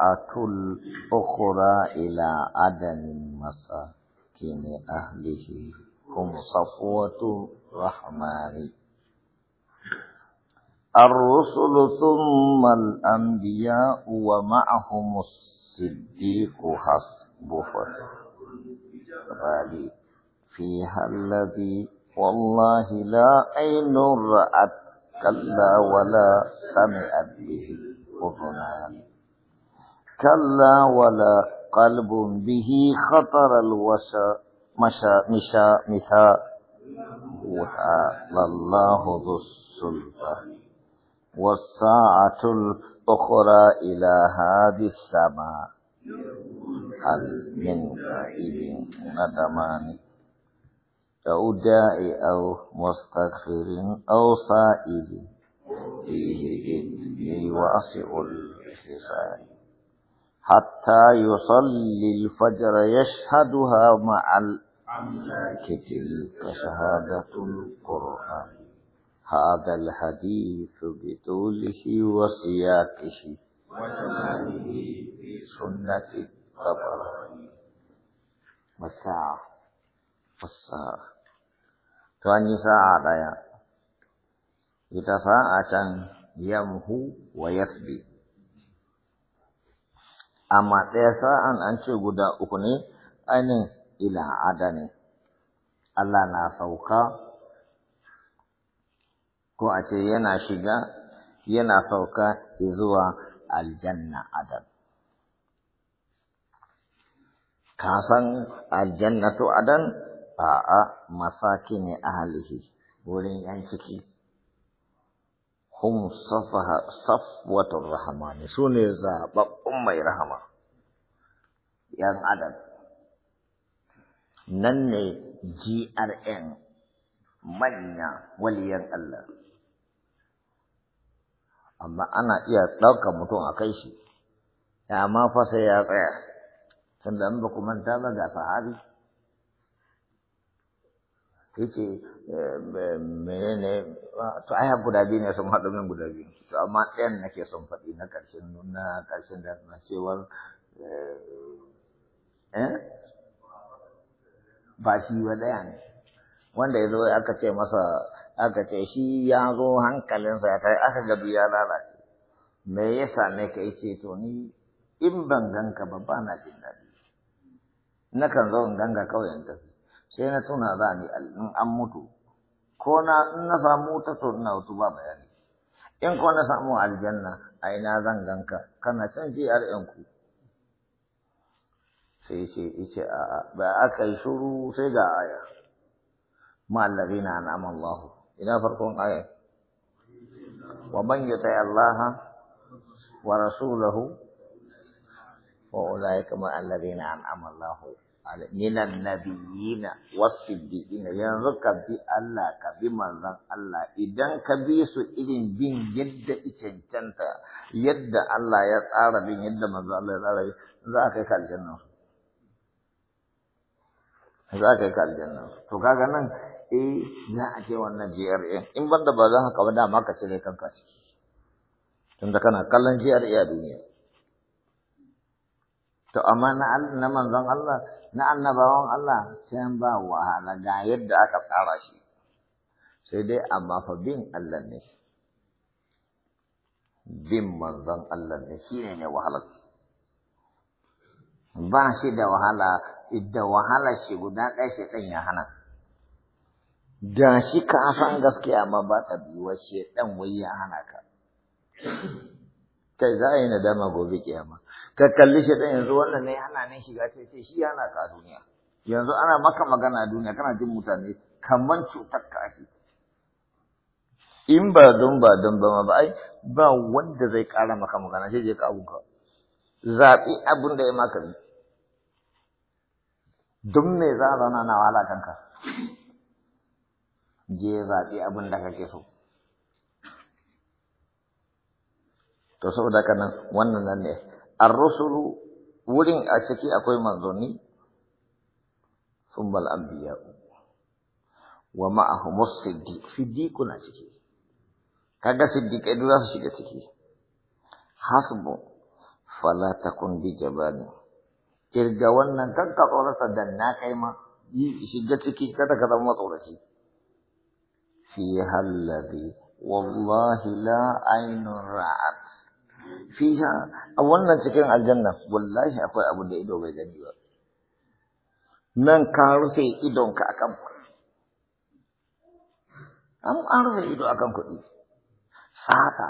الأخرى إلى عدن مساكن أهله هم صفوة الرحمن الرسل ثم الأنبياء ومعهم الصديق حسبه غالي فيها الذي والله لا عين رأت كلا ولا سمعت به أذنان كلا ولا قلب به خطر الوشا مشا مشا مثا وتعالى الله ذو السلطة والساعة الأخرى إلى هذه السماء هل من غائب ندمان أو داعي أو مستغفر أو سائل فيه إني واسع الحساب حتى يصلي الفجر يشهدها مع الأملاك تلك شهادة القرآن هذا الحديث بطوله وسياقه وجماله في سنة الطبراني والساعة والساعة تواني ساعة دايا إذا ساعة يمهو ويثبت amma ɗaya sa'an an ce guda uku ne ainihin ila adani Allah na sauka ko a ce yana shiga yana sauka zuwa aljanna adam ka san aljannatu adan a'a masaki ne ahalihi wurin yan ciki hum safaha safwatur rahmani sune zababbun mai rahama yan adam nan ne GRN manya waliyan Allah amma ana iya ɗaukar mutum a kai shi amma fa sai ya tsaya tunda in ba ku manta ba ga sahabi yace eh, menene to aya guda biyu ne sun haɗu min guda biyu to amma ɗayan nake son faɗi na ƙarshen nuna, ƙarshen da na cewa eh, eh ba shi ba ɗaya ne wanda yazo aka ce masa aka ce shi ya zo hankalinsa ya kai aka ga ya lalace me ya same ka ce to ni in ban ganka ba ba na jin na nakan zo in ganga kawai in tafi sai na tuna za ni in an mutu ko na in na samu ta to ina wasu ba bayani in ko na samu aljanna a ina zan ganka kana can GRN ku sai ce ice a ba aka yi shuru sai ga aya ma'allazina an'ama Allah ina farkon aya wa man yata Allah wa rasulahu wa ulaika allazina an'ama Allah minan nabiyina wasiddiqina yanzu ka bi Allah ka bi manzon Allah idan ka bi su irin bin yadda cancanta yadda Allah ya tsara bin yadda manzon Allah ya tsara za ka kai aljanna za ka kai aljanna to kaga nan eh za a ce wannan GRA in banda ba za ka ba dama ka cire kanka ciki tunda kana kallon GRA a duniya To amma na manzon Allah, na annabawan Allah sai an ba wahala ga yadda aka tsara shi. Sai dai amma fa bin Allah ne. Bin manzon Allah ne shi ne wahala. Ba shi da wahala, idda wahala shi guda ɗaya shi ɗan ya hana. Da shi ka san gaskiya amma ba ta biyuwa shi ɗan wai ya hana ka. Kai za a yi nadama gobe kiyama. ka kalli shi ɗin yanzu wannan ne hana ne shiga ce ce shi yana ka duniya yanzu ana maka magana duniya kana jin mutane kaman cutar ka ake in ba don ba don ba ma ba ai ba wanda zai ƙara maka magana sai je ka abunka zaɓi abun da ya maka bi don me za a zauna na wala kanka je zaɓi abin da kake so to saboda haka nan wannan nan ne ar-rusulu wurin a ciki akwai manzoni sumbal anbiya wa ma'ahum as-siddiq siddiquna ciki kaga siddiqai duk za su shiga ciki hasbu fala takun bi jabani kirga wannan kanka tsorasa da na kai ma shiga ciki kada ka zama tsoraci fi halladhi wallahi la ainun ra'at fiha a wannan cikin aljanna wallahi akwai abu da ido bai gani ba nan ka rufe idon ka akan kuɗi an an rufe ido akan kuɗi sata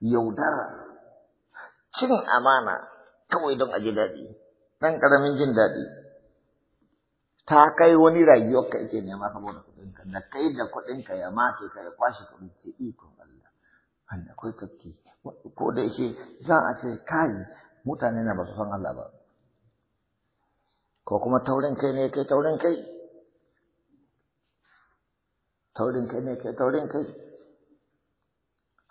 yaudara cin amana kawai don a ji daɗi ɗan ƙaramin jin daɗi ta kai wani ka yake nema ka saboda kuɗinka da kai da kuɗinka ya mace ka ya kwashe kuɗin ce ikon Allah wanda akwai tafki ko da yake za a ce kai mutane na ba su san Allah ba ko kuma taurin kai ne kai taurin kai taurin kai ne kai taurin kai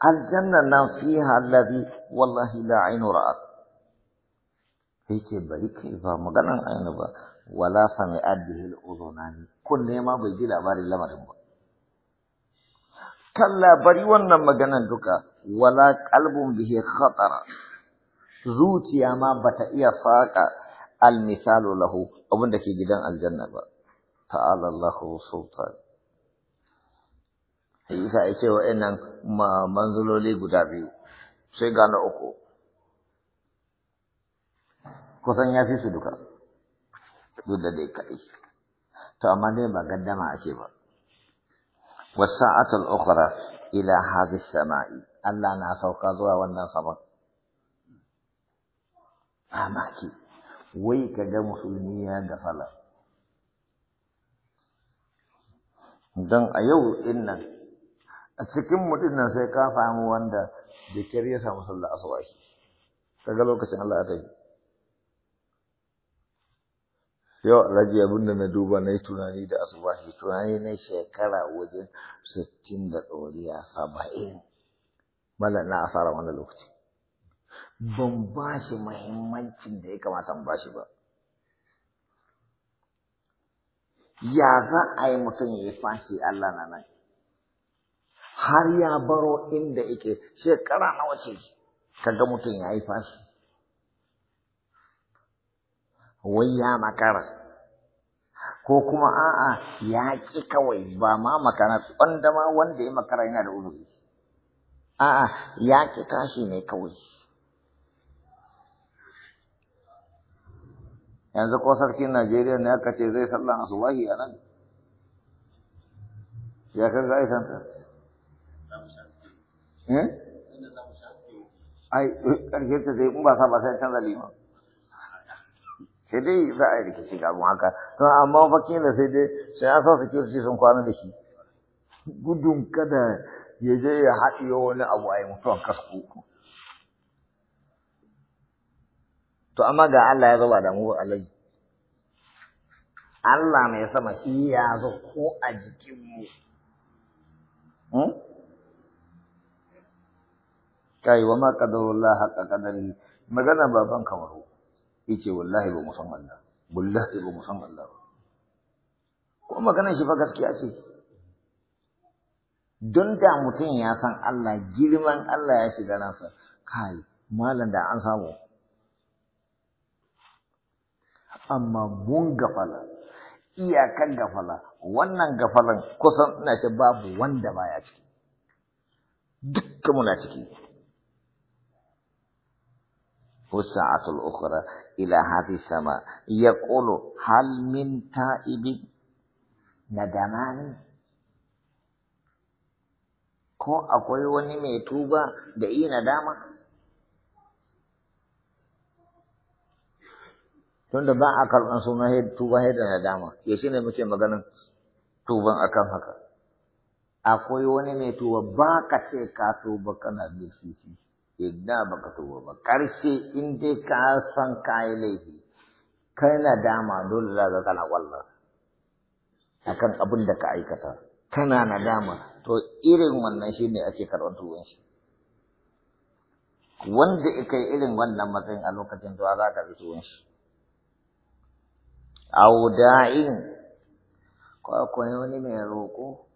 aljanna nan fiha alladhi wallahi la ainu ra'at yake bari kai ba maganan ainu ba wala sami'at bihi al-udhunani kun ne ma bai ji labarin lamarin ba kalla bari wannan maganan duka wala kalbun bihi khatara zuciya ma bata iya saƙa al misalu lahu abin da ke gidan aljanna ba ta'ala Allahu sultan sai isa ya ce innan manzuloli guda biyu sai gane uku kusan ya fi su duka duk da dai kaɗai to amma dai ba gaddama ake ba والساعة الأخرى إلى هذا السماء ألا ناس وقضوا وأن صبر أماكي ويك جا مسلمية دفلا دن أيو إن سكم مدينة سيكا فاموان دا دي كريسة مسلح أصواش تقلوك سن الله أتجي yau alhaji abin da na duba na yi tunani da shi, tunani na shekara wajen sittin da ɗoriya saba'in mala na asara wani lokaci ban ba shi mahimmancin da ya kamata ba shi ba ya za a yi mutum ya yi fashi Allah na nan har ya baro inda yake shekara wace ka ga mutum ya yi fashi wai ya makara ko kuma a'a ya ƙi kawai ba ma makara wanda ma wanda ya makara yana da uzuri a'a ya ƙi tashi ne kawai yanzu ko sarkin Najeriya ne aka ce zai sallan asubahi a nan ya kan ga aisan eh? ta ai karfe ta zai kuma ba sa ba sai canza liman sai dai za a yi rikici ga abun haka to amma fa da sai dai sai an sa security sun kwana da shi gudun kada ya je ya haɗiyo wani abu a yi mutuwan kasko to amma ga Allah ya zuba da mu alai, Allah mai sama shi ya zo ko a jikinmu hmm? kai wa ma kadarullah haqqa qadari magana baban kamaru yace wallahi ba mu san Allah wallahi ba mu san Allah ba ko maganar shi fa gaskiya ce don da mutum ya san Allah girman Allah ya shiga nasa kai malam da an samu amma mun gafala iyakan gafala wannan gafalan kusan ina ce babu wanda baya ciki dukkan muna ciki والساعة الأخرى إلى هذه السماء يقول hal min ta'ibin. Nadaman. ko akwai wani mai tuba da yi nadama tunda ba a karɓar suna tuba da nadama ya shi ne muke maganin tuban akan haka akwai wani mai tuba ba ka ce ka tuba kana da idda baka tuba ba karshe in dai ka san kayan laifi kai na dama dole za ka kana a kan abin da ka aikata kana na dama. to irin wannan shi ne ake karɓar tuban shi wanda ya kai irin wannan matsayin a lokacin zuwa za ka zuwa shi. A wuda'in kwakwai wani mai roƙo,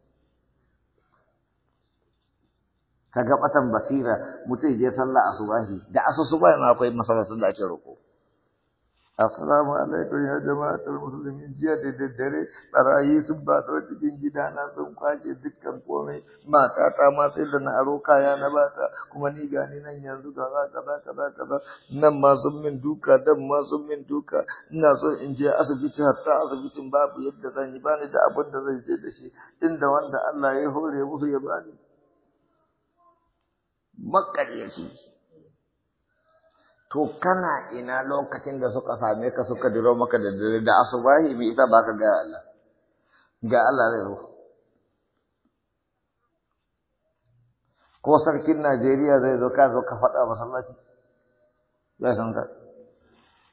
Ka ga batan basira mutum je sallah asubahi da asusubahi ma akwai masallacin da ake roƙo assalamu alaikum ya jama'atul muslimin jiya da daddare barayi sun ba ta cikin gidana sun kwace dukkan komai mata ta ma sai da na aro kaya na bata kuma ni gani nan yanzu ka kaza ka kaza nan ma sun min duka dan ma sun min duka ina so in je asibiti hatta asibitin babu yadda zan yi bani da abin da zai je da shi inda wanda Allah ya hore musu ya bani makaryaci to kana ina lokacin da suka same ka suka diro maka da dare da asubahi bi ita baka ga Allah ga Allah zai ko sarkin Najeriya zai zo ka zo ka faɗa masallaci ya san ka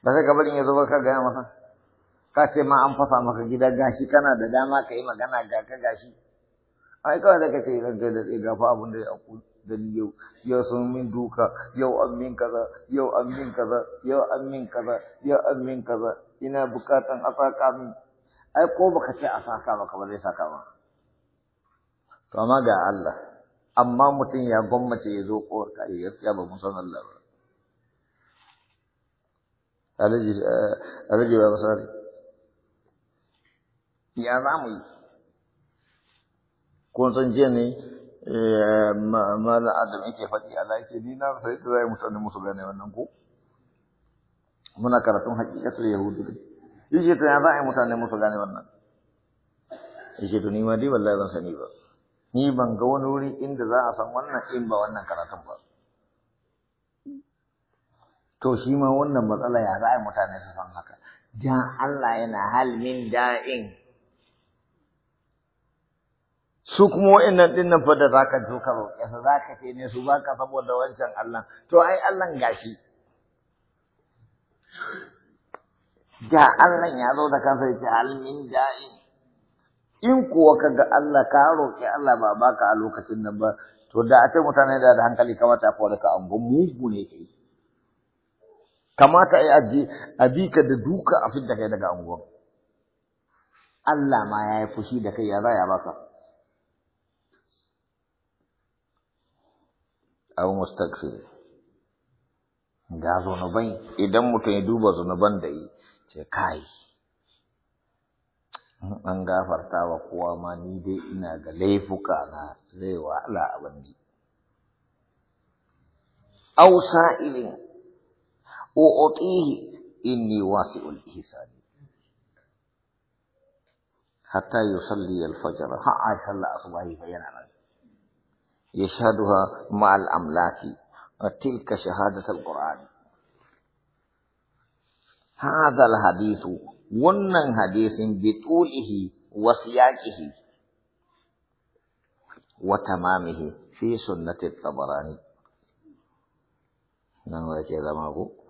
ba sai bari ya zo ka gaya masa ka ce ma an fasa maka gida gashi kana da dama ka yi magana ga ka gashi ai kawai da ka ce zan kai da tsaye gafa abin da ya kuɗi. dan yau ya sun min duka yau an min kaza yau an min kaza yau an min kaza yau an min kaza ina bukatan a saka min ai ko baka ce a saka ba ba zai saka ba to amma ga Allah amma mutum ya gwammace ya zo kowar kare gaskiya ba mun san Allah ba alaji eh, alaji ba basari ya zamu yi kun san jiya ne Eh, mala adam yake faɗi Allah yake ni na sai da zai musanni musu gane wannan ko muna karatun haƙiƙatul yahudu ne yace to ya za a yi mutane musu gane wannan yace to ni ma dai wallahi ban sani ba ni ban ga wani wuri inda za a san wannan in ba wannan karatun ba to shi ma wannan matsala ya za a yi mutane su san haka dan Allah yana hal da'in su kuma wa'annan din nan fa da zaka zo ka roƙe su zaka ce ne su baka saboda wancan Allah to ai Allah gashi da Allah ya zo da kansa ya ce almin da'i in kuwa ka ga Allah ka roƙi Allah ba baka a lokacin nan ba to da a ce mutane da hankali kamata ka ka angon mugu ne kai kamata ai aji abika da duka a fidda kai daga angon Allah ma ya yi fushi da kai ya za ya baka aw mustaghfir ga zanuban idan mutum ya duba zanuban da yi ce kai an gafarta wa kowa ma ni dai ina ga laifuka na zai wahala abin ji aw sa'ilin u'tihi inni wasi'ul ihsani hatta yusalli al-fajr ha'a sallah asbahi fa يشهدها مع الأملاك تلك شهادة القرآن هذا الحديث ونن حديث بطوله وسياقه وتمامه في سنة الطبراني نعم كذا ما هو